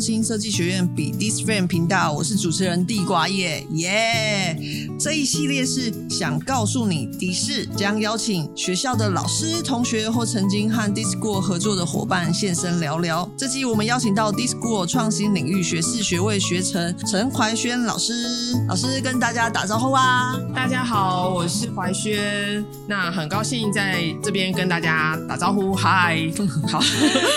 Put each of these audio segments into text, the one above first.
新設計學院比 d i s friend 頻道，我是主持人地瓜耶耶。Yeah! 這一系列是想告訴你 D 是，將邀請學校的老師、同學或曾經和 D-School 合作的夥伴現身聊聊。這期我們邀請到 D-School 創新領域學士學位學程陳懷萱老師，老師跟大家打招呼啊！大家好，我是懷萱，那很高興在這邊跟大家打招呼，嗨，嗯， 好，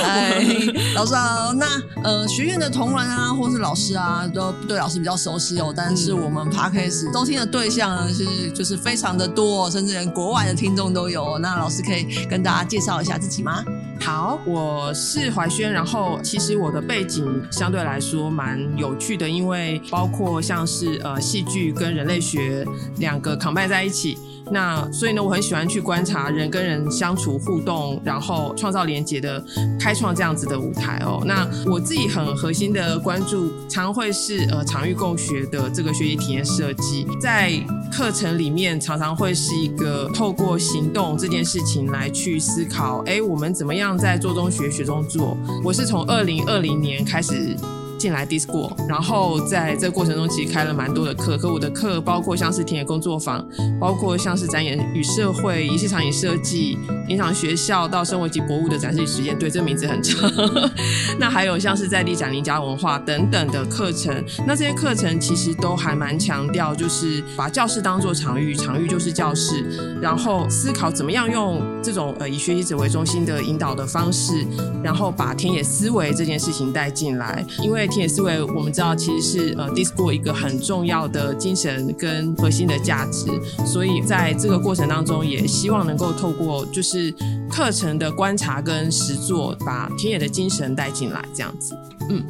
嗨 ，老師好，那呃，學院的同仁啊，或是老師啊，都對老師比較熟悉哦，但是我們 Podcast 都聽了。對象呢是就是非常的多，甚至連國外的聽眾都有。那老師可以跟大家介紹一下自己嗎？好，我是懷萱。然後其實我的背景相對來說蠻有趣的，因為包括像是呃戲劇跟人類學兩個 combine 在一起。那所以呢，我很喜歡去觀察人跟人相處互動，然後創造連結的開創這樣子的舞台哦。那我自己很核心的關注，常會是呃場域共學的這個學習體驗設計，在課程裡面常常會是一個透過行動這件事情來去思考，誒，我們怎麼樣？在做中學，學中做。我是從二零二零年開始，進來 D-School，然後在這個過程中其實開了蠻多的課，可我的課包括像是田野工作坊，包括像是展演與社會、儀式場景設計、影響學校到生活及博物的展示與實驗，對，這名字很長。 那還有像是在地展齡家文化等等的課程，那這些課程其實都還蠻強調，就是把教室當做場域，場域就是教室，然後思考怎麼樣用這種呃以學習者為中心的引導的方式，然後把田野思維這件事情帶進來，因為。田野思維，我們知道其實是呃 D-School 一個很重要的精神跟核心的價值，所以在這個過程當中，也希望能夠透過就是課程的觀察跟實作，把田野的精神帶進來，這樣子。嗯，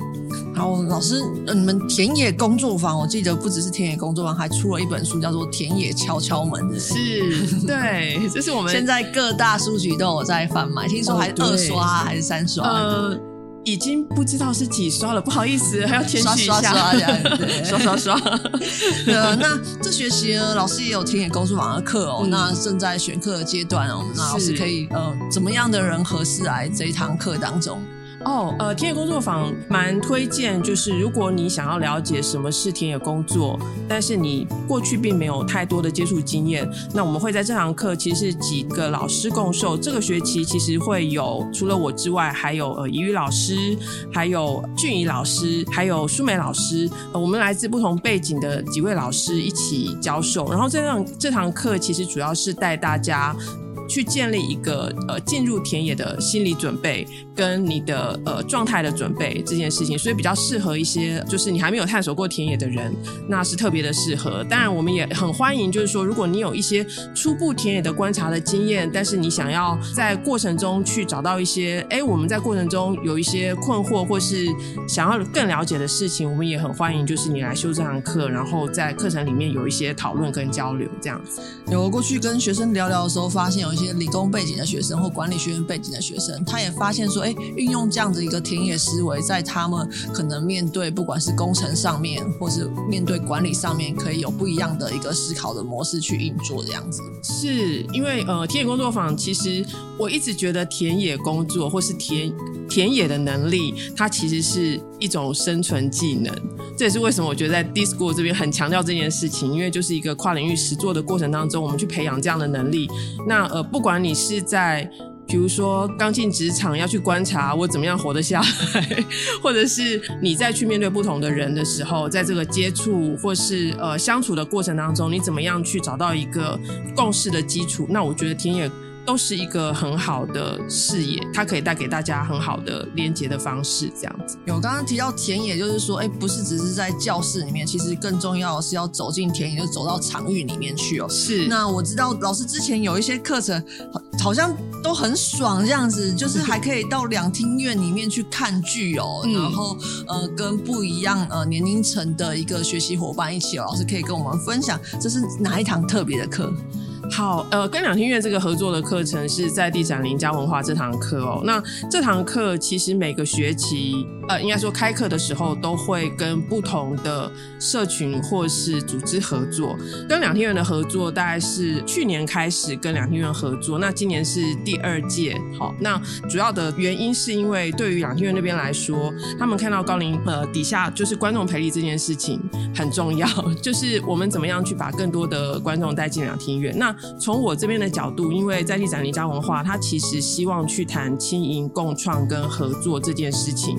好，老師、呃，你們田野工作坊，我記得不只是田野工作坊，還出了一本書，叫做《田野敲敲門》是。是 對，就是我們現在各大書局都有在販賣，聽說還是二刷、哦、還是三刷。呃已經不知道是幾刷了，不好意思，還要添幾刷刷刷，對 刷刷刷， 對，那這學期呢，老師也有田野工作坊的課哦，嗯、那正在選課的階段哦，那老師可以是呃，怎麼樣的人合適來這一堂課當中？哦，呃，田野工作坊蠻推薦，就是如果你想要了解什麼是田野工作，但是你過去並沒有太多的接觸經驗，那我們會在這堂課，其實是幾個老師共授。這個學期其實會有，除了我之外，還有呃怡玉老師，還有俊怡老師，還有舒美老師，我們來自不同背景的幾位老師一起教授。然後這堂這堂課其實主要是帶大家。去建立一個呃進入田野的心理準備跟你的呃狀態的準備這件事情，所以比較適合一些，就是你還沒有探索過田野的人，那是特別的適合。當然，我們也很歡迎，就是說如果你有一些初步田野的觀察的經驗，但是你想要在過程中去找到一些，哎，我們在過程中有一些困惑或是想要更了解的事情，我們也很歡迎，就是你來修這堂課，然後在課程裡面有一些討論跟交流這樣子。有過去跟學生聊聊的時候發現有。有些理工背景的學生或管理學院背景的學生，他也發現說：“哎、欸，運用這樣的一個田野思維，在他們可能面對不管是工程上面，或是面對管理上面，可以有不一樣的一個思考的模式去運作這樣子。”是，是因為呃，田野工作坊其實我一直覺得田野工作或是田田野的能力，它其實是一種生存技能。這也是為什麼我覺得在 D-School 這邊很強調這件事情，因為就是一個跨領域實做的過程當中，我們去培養這樣的能力。那呃。不管你是在，比如說剛進職場要去觀察我怎麼樣活得下來，或者是你在去面對不同的人的時候，在這個接觸或是呃相處的過程當中，你怎麼樣去找到一個共識的基礎？那我覺得田野。都是一個很好的視野，它可以帶給大家很好的連接的方式，這樣子。有剛剛提到田野，就是說，哎，不是只是在教室裡面，其實更重要是要走進田野，就走到場域裡面去哦。是。那我知道老師之前有一些課程，好，好像都很爽，這樣子，就是還可以到兩廳院裡面去看劇哦，嗯，然後呃，跟不一樣呃年齡層的一個學習夥伴一起喔，老師可以跟我們分享這是哪一堂特別的課？好，呃，跟兩廳院這個合作的課程是在地展齡家文化這堂課哦。那這堂課其實每個學期。呃，應該說，開課的時候都會跟不同的社群或是組織合作。跟兩廳院的合作大概是去年開始跟兩廳院合作，那今年是第二屆。好，哦，那主要的原因是因為，對於兩廳院那邊來說，他們看到高齡呃底下就是觀眾培力這件事情很重要，就是我們怎麼樣去把更多的觀眾帶進兩廳院。那從我這邊的角度，因為在地展齡：家文化，他其實希望去談青銀共創跟合作這件事情。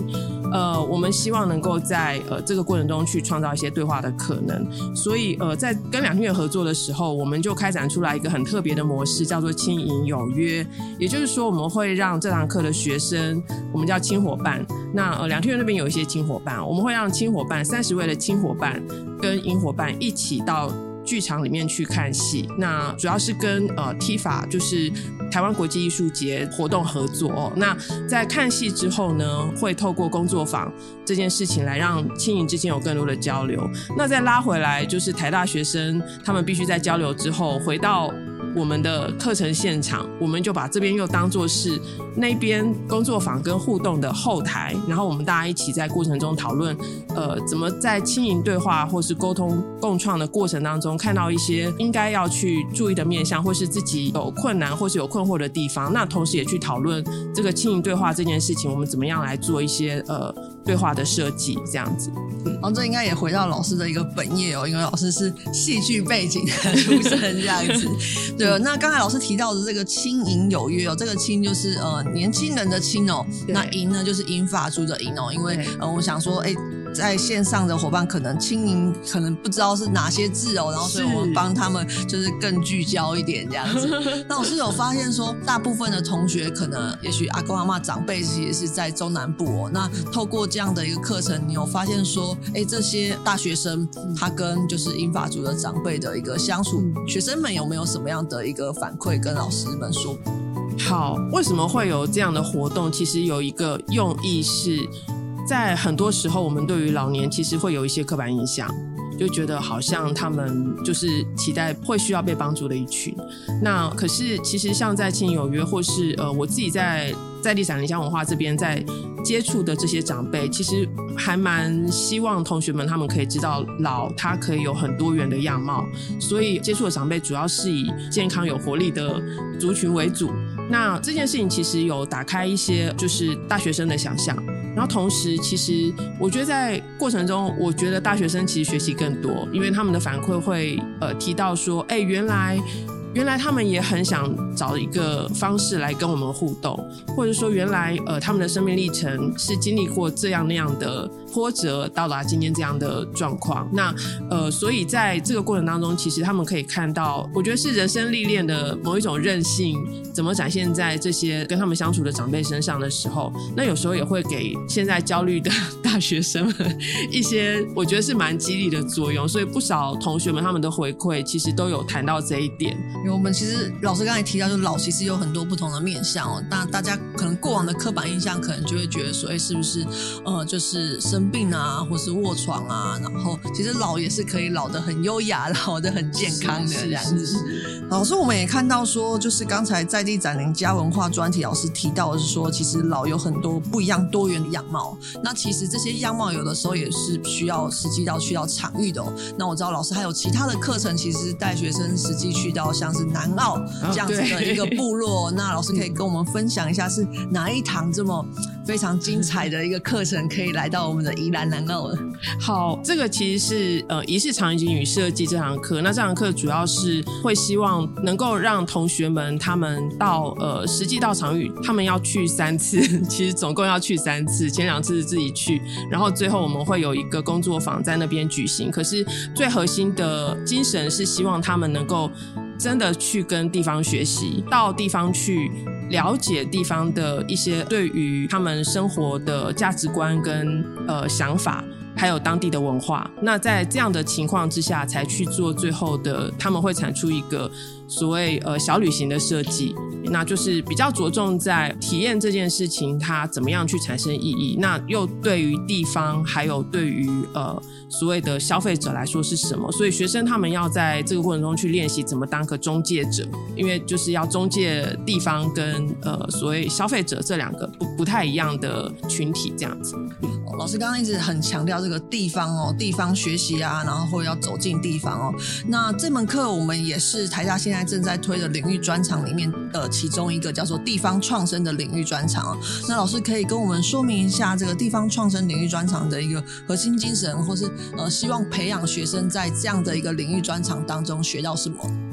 呃，我們希望能夠在呃這個過程中去創造一些對話的可能，所以呃，在跟兩廳院合作的時候，我們就開展出來一個很特別的模式，叫做“青銀有約”。也就是說，我們會讓這堂課的學生，我們叫青夥伴。那呃，兩廳院那邊有一些銀夥伴，我們會讓青夥伴三十位的青夥伴跟銀夥伴一起到劇場裡面去看戲。那主要是跟呃 TIFA 就是。台灣國際藝術節活動，合作，那在看戲之後呢，會透過工作坊這件事情來讓青銀之間有更多的交流。那再拉回來，就是台大學生他們必須在交流之後回到。我們的課程現場，我們就把這邊又當做是那邊工作坊跟互動的後台，然後我們大家一起在過程中討論，呃，怎麼在青銀對話或是溝通共創的過程當中，看到一些應該要去注意的面向，或是自己有困難或是有困惑的地方，那同時也去討論這個青銀對話這件事情，我們怎麼樣來做一些呃對話的設計，這樣子。然後、嗯哦、這應該也回到老師的一個本業哦，因為老師是戲劇背景的出身，這樣子。 對，那剛才老師提到的這個“青銀有約”哦，這個“青就是呃年輕人的青哦，對那呢“銀呢就是銀髮族的銀哦，因為對呃我想說，誒、欸在線上的夥伴可能輕盈，可能不知道是哪些字哦、喔，然後所以我們幫他們就是更聚焦一點這樣子。是 那我是有發現說，大部分的同學可能也許阿公阿媽長輩其實是在中南部哦、喔。那透過這樣的一個課程，你有發現說，哎、欸，這些大學生他跟就是銀髮族的長輩的一個相處，嗯、學生們有沒有什麼樣的一個反饋跟老師們說？好，為什麼會有這樣的活動？其實有一個用意是。在很多時候，我們對於老年其實會有一些刻板印象，就覺得好像他們就是期待會需要被幫助的一群。那可是其實像在青銀有約，或是呃我自己在在地展齡家文化這邊在接觸的這些長輩，其實還蠻希望同學們他們可以知道老，它可以有很多元的樣貌。所以接觸的長輩主要是以健康有活力的族群為主。那這件事情其實有打開一些，就是大學生的想象。然後同時，其實我覺得在過程中，我覺得大學生其實學習更多，因為他們的反饋會呃提到說，欸，原來原來他們也很想找一個方式來跟我們互動，或者說原來呃他們的生命歷程是經歷過這樣那樣的。挫折到達今天這樣的狀況，那呃，所以在這個過程當中，其實他們可以看到，我覺得是人生歷練的某一種韌性，怎麼展現在這些跟他們相處的長輩身上的時候，那有時候也會給現在焦慮的大學生們一些我覺得是蠻激勵的作用。所以不少同學們他們的回饋，其實都有談到這一點。因為、嗯、我們其實老師剛才提到，就是老其實有很多不同的面向哦，但大家可能過往的刻板印象，可能就會覺得說，哎、欸，是不是呃，就是生。生病啊，或是臥床啊，然後其實老也是可以老得很優雅，老得很健康的。是是是。是是是老師，我們也看到說，就是剛才在地展齡：家文化專題老師提到的是說，其實老有很多不一樣多元的樣貌。那其實這些樣貌有的時候也是需要實際到去到場域的哦。那我知道老師還有其他的課程，其實帶學生實際去到像是南澳這樣子的一個部落，啊，那老師可以跟我們分享一下是哪一堂這麼？非常精彩的一個課程，可以來到我們的宜蘭南澳了。好，這個其實是呃，儀式場域與設計這堂課。那這堂課主要是會希望能夠讓同學們他們到呃實際到場域，他們要去三次，其實總共要去三次，前兩次是自己去，然後最後我們會有一個工作坊在那邊舉行。可是最核心的精神是希望他們能夠。真的去跟地方學習，到地方去了解地方的一些對於他們生活的價值觀跟呃想法，還有當地的文化，那在這樣的情況之下，才去做最後的，他們會產出一個所謂呃小旅行的設計，那就是比較着重在體驗這件事情，它怎麼樣去產生意義，那又對於地方還有對於呃所謂的消費者來說是什麼？所以學生他們要在這個過程中去練習怎麼當個中介者，因為就是要中介地方跟呃所謂消費者這兩個不不太一樣的群體這樣子。老師剛剛一直很強調這個地方喔，地方學習啊，然後或者要走進地方喔。那這門課我們也是台大現在正在推的領域專長裡面的其中一個，叫做地方創生的領域專長喔。那老師可以跟我們說明一下，這個地方創生領域專長的一個核心精神，或是呃，希望培養學生在這樣的一個領域專長當中學到什麼？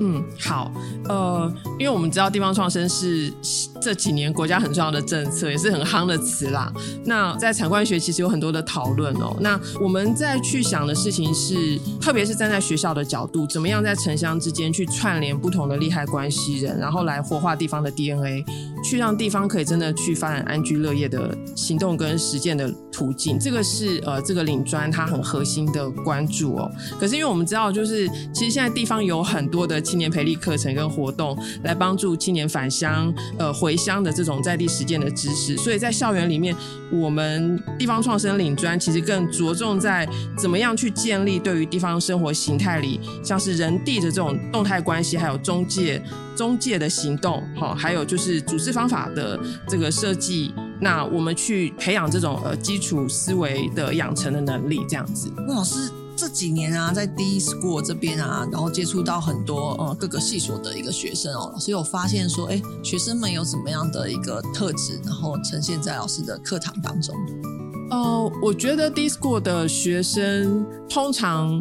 嗯，好，呃，因為我們知道地方創生是這幾年國家很重要的政策，也是很夯的詞啦。那在產官學其實有很多的討論哦。那我們在去想的事情是，特別是站在學校的角度，怎麼樣在城鄉之間去串聯不同的利害關係人，然後來活化地方的 DNA，去讓地方可以真的去發展安居樂業的行動跟實踐的途徑。這個是呃，這個領專它很核心的關注哦。可是因為我們知道，就是其實現在地方有很多的。青年培力課程跟活動，來幫助青年返鄉、呃回鄉的這種在地實踐的知識。所以在校園裡面，我們地方創生領專其實更着重在怎麼樣去建立對於地方生活形態裡，像是人地的這種動態關係，還有中介、中介的行動，好、哦，還有就是組織方法的這個設計。那我們去培養這種呃基礎思維的養成的能力，這樣子。那老師。這幾年啊，在 D-School 這邊啊，然後接觸到很多呃各個系所的一個學生哦，老師有發現說，哎，學生們有什麼樣的一個特質，然後呈現在老師的課堂當中？哦，呃，我覺得 D-School 的學生通常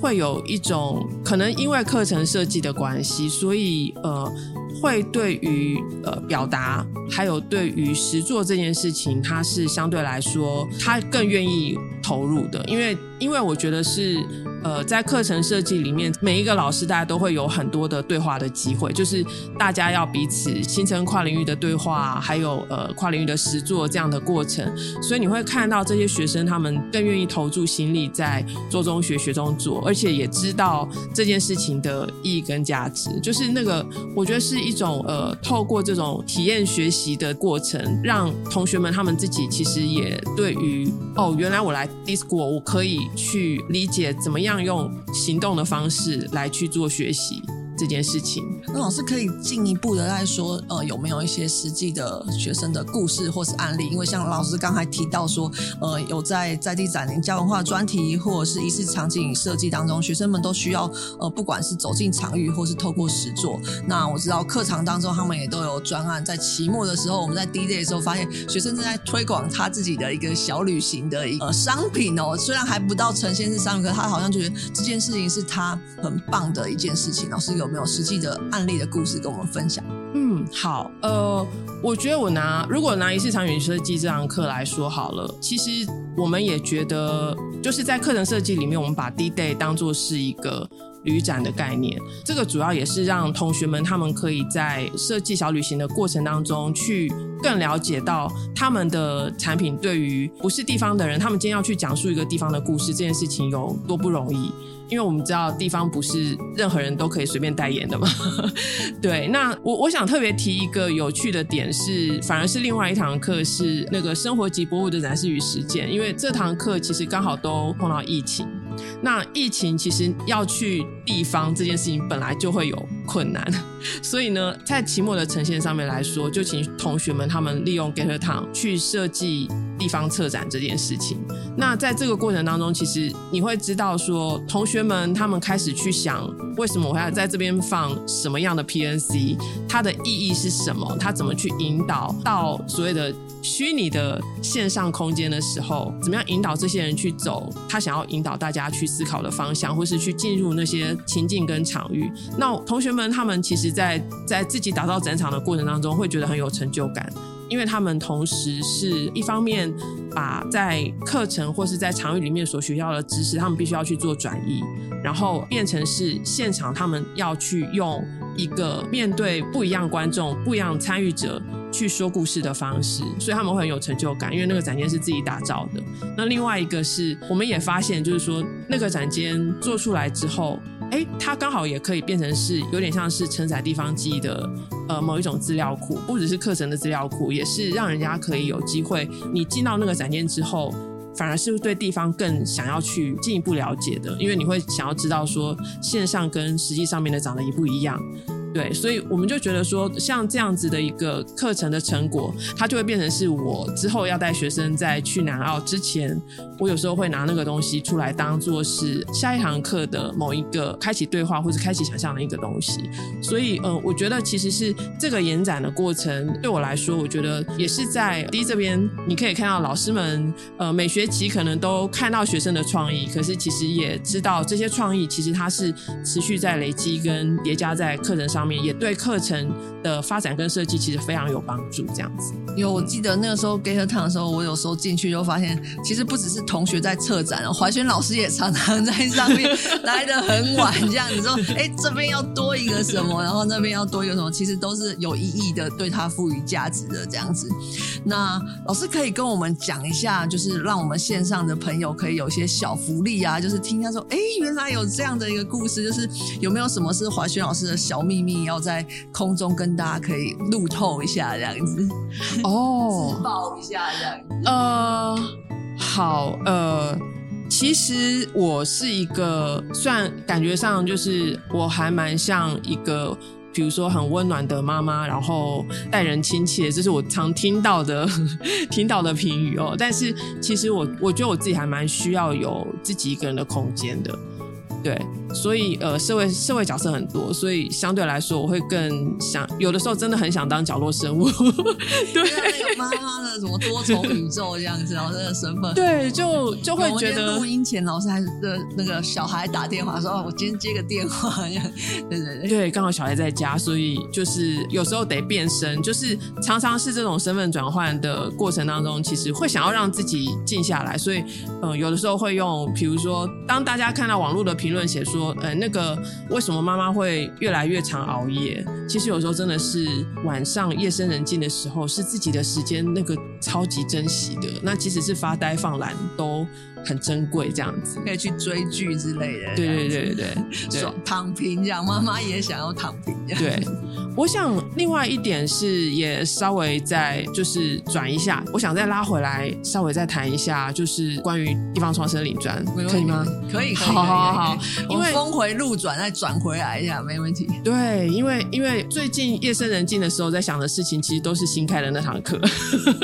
會有一種，可能因為課程設計的關係，所以呃。會對於呃表達，還有對於實作這件事情，他是相對來說他更願意投入的，因為因為我覺得是。呃，在課程設計裡面，每一個老師大家都會有很多的對話的機會，就是大家要彼此形成跨領域的對話，還有呃跨領域的實作這樣的過程。所以你會看到這些學生他們更願意投注心力在做中學、學中做，而且也知道這件事情的意義跟價值。就是那個，我覺得是一種呃，透過這種體驗學習的過程，讓同學們他們自己其實也對於哦，原來我來 D-School，我可以去理解怎麼樣。這樣用行動的方式來去做學習。這件事情，那老師可以進一步的來說，呃，有沒有一些實際的學生的故事或是案例？因為像老師剛才提到說，呃，有在在地展齡家文化的專題，或者是儀式場景設計當中，學生們都需要，呃，不管是走進場域，或是透過實作。那我知道，課堂當中他們也都有專案，在期末的時候，我們在 D-Day 的時候發現，學生正在推廣他自己的一個小旅行的一個商品哦，雖然還不到呈現是商品，可他好像覺得這件事情是他很棒的一件事情。老師有。有沒有實際的案例的故事跟我們分享？嗯，好，呃，我覺得我拿如果拿一次場域設計這堂課來說好了，其實我們也覺得就是在課程設計裡面，我們把 D-Day 當做是一個。旅展的概念，這個主要也是讓同學們他們可以在設計小旅行的過程當中，去更了解到他們的產品對於不是地方的人，他們今天要去講述一個地方的故事這件事情有多不容易，因為我們知道地方不是任何人都可以隨便代言的嘛。 對，那我我想特別提一個有趣的點是，反而是另外一堂課是那個生活即博物的展示與實踐，因為這堂課其實剛好都碰到疫情。那疫情其實要去地方這件事情，本來就會有困難，所以呢，在期末的呈現上面來說，就請同學們他們利用 Gather Town 去設計地方策展這件事情。那在這個過程當中，其實你會知道說，同學們他們開始去想，為什麼我還要在這邊放什麼樣的 P N C，它的意義是什麼？它怎麼去引導到所謂的虛擬的線上空間的時候，怎麼樣引導這些人去走他想要引導大家去思考的方向，或是去進入那些情境跟場域？那同學們們他們其實在，在在自己打造展場的過程當中，會覺得很有成就感，因為他們同時是一方面把在課程或是在場域裡面所學到的知識，他們必須要去做轉移，然後變成是現場他們要去用一個面對不一樣觀眾、不一樣參與者去說故事的方式，所以他們會很有成就感，因為那個展間是自己打造的。那另外一個是，我們也發現，就是說那個展間做出來之後。哎，它剛好也可以變成是有點像是承載地方記憶的，呃，某一種資料庫，不只是課程的資料庫，也是讓人家可以有機會，你進到那個展廳之後，反而是對地方更想要去進一步了解的，因為你會想要知道說，線上跟實際上面的長得一不一樣。對，所以我們就覺得說，像這樣子的一個課程的成果，它就會變成是我之後要帶學生在去南澳之前，我有時候會拿那個東西出來，當做是下一堂課的某一個開啟對話或者開啟想象的一個東西。所以，嗯、呃，我覺得其實是這個延展的過程，對我來說，我覺得也是在 D 這邊，你可以看到老師們，呃，每學期可能都看到學生的創意，可是其實也知道這些創意其實它是持續在累積跟疊加在課程上。上面也對課程的發展跟設計其實非常有幫助，這樣子。因為我記得那個時候 Gather Town 的時候，我有時候進去就發現，其實不只是同學在策展，懷萱老師也常常在上面，來的很晚。這樣子 說，哎、欸，這邊要多一個什麼，然後那邊要多一個什麼，其實都是有意義的，對他賦予價值的這樣子。那老師可以跟我們講一下，就是讓我們線上的朋友可以有一些小福利啊，就是聽一下說，哎、欸，原來有這樣的一個故事，就是有沒有什麼是懷萱老師的小秘密？你要在空中跟大家可以露透一下這樣子哦，自曝一下這樣。呃，好，呃，其實我是一個算感覺上就是我還蠻像一個，比如說很溫暖的媽媽，然後待人親切，這是我常聽到的呵呵聽到的評語哦。但是其實我我覺得我自己還蠻需要有自己一個人的空間的，對。所以，呃，社會社會角色很多，所以相對來說，我會更想，有的時候真的很想當角落生物。對，有媽媽的什麼多重宇宙這樣子，老師的身份。對，就就會覺得錄音前老師還是那個小孩打電話說：“哦、啊，我今天接個電話。這樣”對對對，對，剛好小孩在家，所以就是有時候得變身，就是常常是這種身份轉換的過程當中，其實會想要讓自己靜下來，所以嗯、呃，有的時候會用，比如說，當大家看到網絡的評論寫說。說，呃、嗯，那個為什麼媽媽會越來越常熬夜？其實有時候真的是晚上夜深人靜的時候，是自己的時間，那個超級珍惜的。那即使是發呆放懶都。很珍貴，這樣子可以去追劇之類的。對對對對對，對躺平這樣，媽媽也想要躺平這樣。對，我想另外一點是，也稍微再就是轉一下，嗯、我想再拉回來，稍微再談一下，就是關於地方創生領專，可以嗎？可以，可以，好好，因為峰回路轉再轉回來一下，沒問題。對，因為因為最近夜深人靜的時候，在想的事情，其實都是新開的那堂課。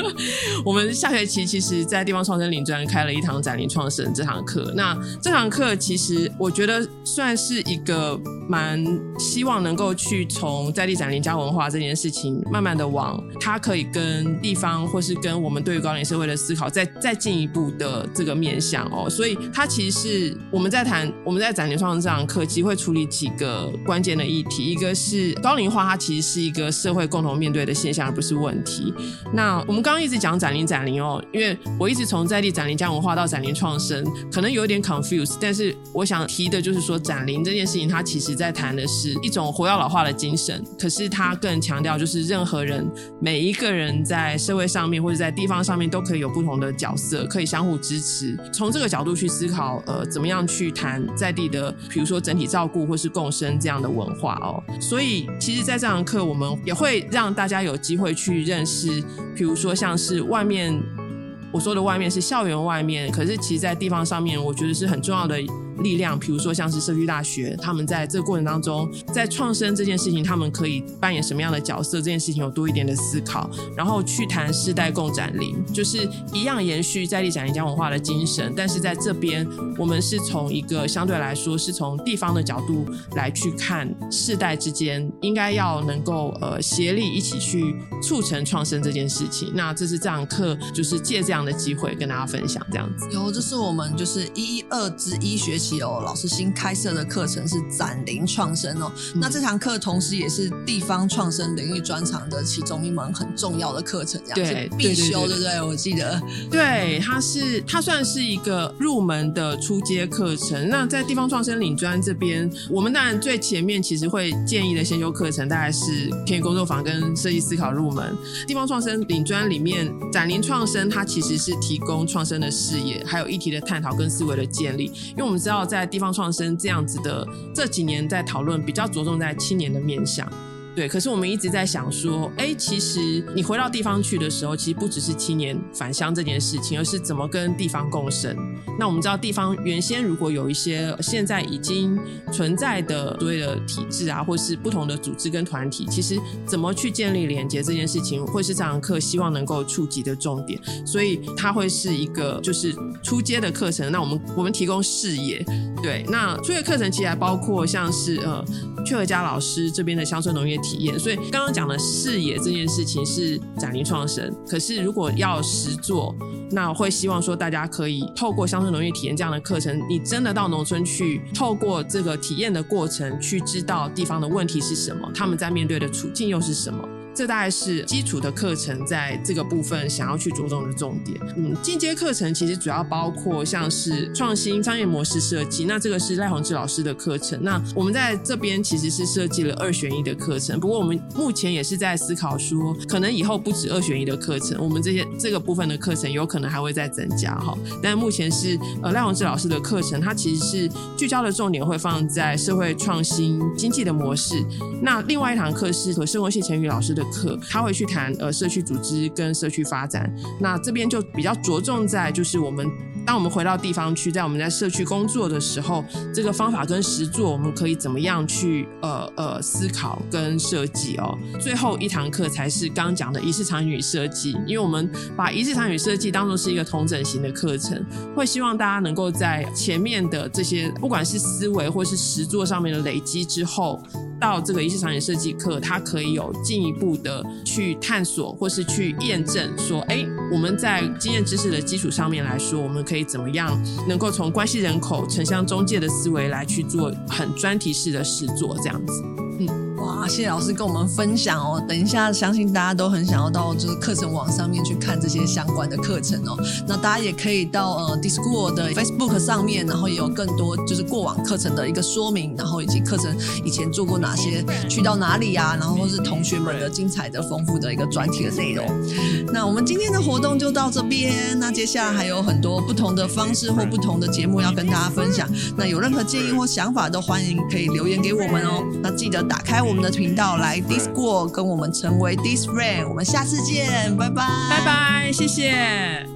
我們下學期其實，在地方創生領專開了一堂展創生這堂課，那這堂課其實我覺得算是一個蠻希望能夠去從在地展齡家文化這件事情，慢慢的往它可以跟地方或是跟我們對於高齡社會的思考再再進一步的這個面向哦，所以它其實是我們在談我們在展齡創生這堂課，其實會處理幾個關鍵的議題，一個是高齡化，它其實是一個社會共同面對的現象，而不是問題。那我們剛剛一直講展齡展齡哦，因為我一直從在地展齡家文化到展齡。創生可能有點 confuse，但是我想提的就是說，展齡這件事情，它其實在談的是一種活躍老化的精神。可是它更強調就是任何人、每一個人在社會上面或者在地方上面都可以有不同的角色，可以相互支持。從這個角度去思考，呃，怎麼樣去談在地的，比如說整體照顧或是共生這樣的文化哦。所以，其實在這堂課，我們也會讓大家有機會去認識，比如說像是外面。我說的外面是校園外面，可是其實在地方上面，我覺得是很重要的力量，比如說像是社區大學，他們在這個過程當中，在創生這件事情，他們可以扮演什麼樣的角色？這件事情有多一點的思考，然後去談世代共展齡，就是一樣延續在地展齡家文化的精神，但是在這邊，我們是從一個相對來說是從地方的角度來去看世代之間應該要能夠呃協力一起去促成創生這件事情。那這是這堂課就是借這樣的機會跟大家分享這樣子。有，這是我們就是一一二之一學。哦，老師新開設的課程是展齡創生哦。嗯、那這堂課同時也是地方創生領域專長的其中一門很重要的課程，這樣子，對，必修對不對？對？對對對，我記得對，它是它算是一個入門的初階課程。那在地方創生領專這邊，我們當然最前面其實會建議的先修課程大概是創意工作坊跟設計思考入門。地方創生領專裡面展齡創生，它其實是提供創生的視野，還有議題的探討跟思維的建立，因為我們知道。在地方創生這樣子的這幾年，在討論比較着重在青年的面向。對，可是我們一直在想說，哎，其實你回到地方去的時候，其實不只是青年返鄉這件事情，而是怎麼跟地方共生。那我們知道地方原先，如果有一些現在已經存在的所謂的體制啊，或是不同的組織跟團體，其實怎麼去建立連接這件事情，會是這堂課希望能夠觸及的重點，所以它會是一個就是初階的課程。那我們我們提供事業，對，那初階課程其實還包括像是呃，雀兒佳老師這邊的鄉村農業。體驗，所以剛剛講的視野這件事情是展齡創生。可是如果要實做，那我會希望說大家可以透過鄉村農業體驗這樣的課程，你真的到農村去，透過這個體驗的過程去知道地方的問題是什麼，他們在面對的處境又是什麼。這大概是基礎的課程，在這個部分想要去着重的重點。嗯，進階課程其實主要包括像是創新商業模式設計，那這個是賴宏志老師的課程。那我們在這邊其實是設計了二選一的課程，不過我們目前也是在思考說，可能以後不止二選一的課程，我們這些這個部分的課程有可能還會再增加哈。但目前是呃賴宏志老師的課程，它其實是聚焦的重點會放在社會創新經濟的模式。那另外一堂課是和生活系謝晨宇老師的，課他會去談呃社區組織跟社區發展，那這邊就比較着重在，就是我們當我們回到地方去，在我們在社區工作的時候，這個方法跟實作我們可以怎麼樣去呃呃思考跟設計哦。最後一堂課才是剛講的儀式場域與設計，因為我們把儀式場域與設計當作是一個同整型的課程，會希望大家能夠在前面的這些不管是思維或是實作上面的累積之後。到這個儀式場景設計課，他可以有進一步的去探索，或是去驗證說，誒、欸，我們在經驗知識的基礎上面來說，我們可以怎麼樣，能夠從關係人口、城鄉中介的思維來去做很專題式的實作這樣子，嗯。哇，謝謝老師跟我們分享哦。等一下，相信大家都很想要到就是課程網上面去看這些相關的課程哦。那大家也可以到呃 Discord 的 Facebook 上面，然後也有更多就是過往課程的一個說明，然後以及課程以前做過哪些，去到哪裡呀，啊，然後或是同學們的精彩的、豐富的一個專題的內容。那我們今天的活動就到這邊。那接下來還有很多不同的方式或不同的節目要跟大家分享。那有任何建議或想法，都歡迎可以留言給我們哦。那記得打開我。我們的頻道來 D-School，跟我們成為 D-School friend，我們下次見，拜拜，拜拜，謝謝。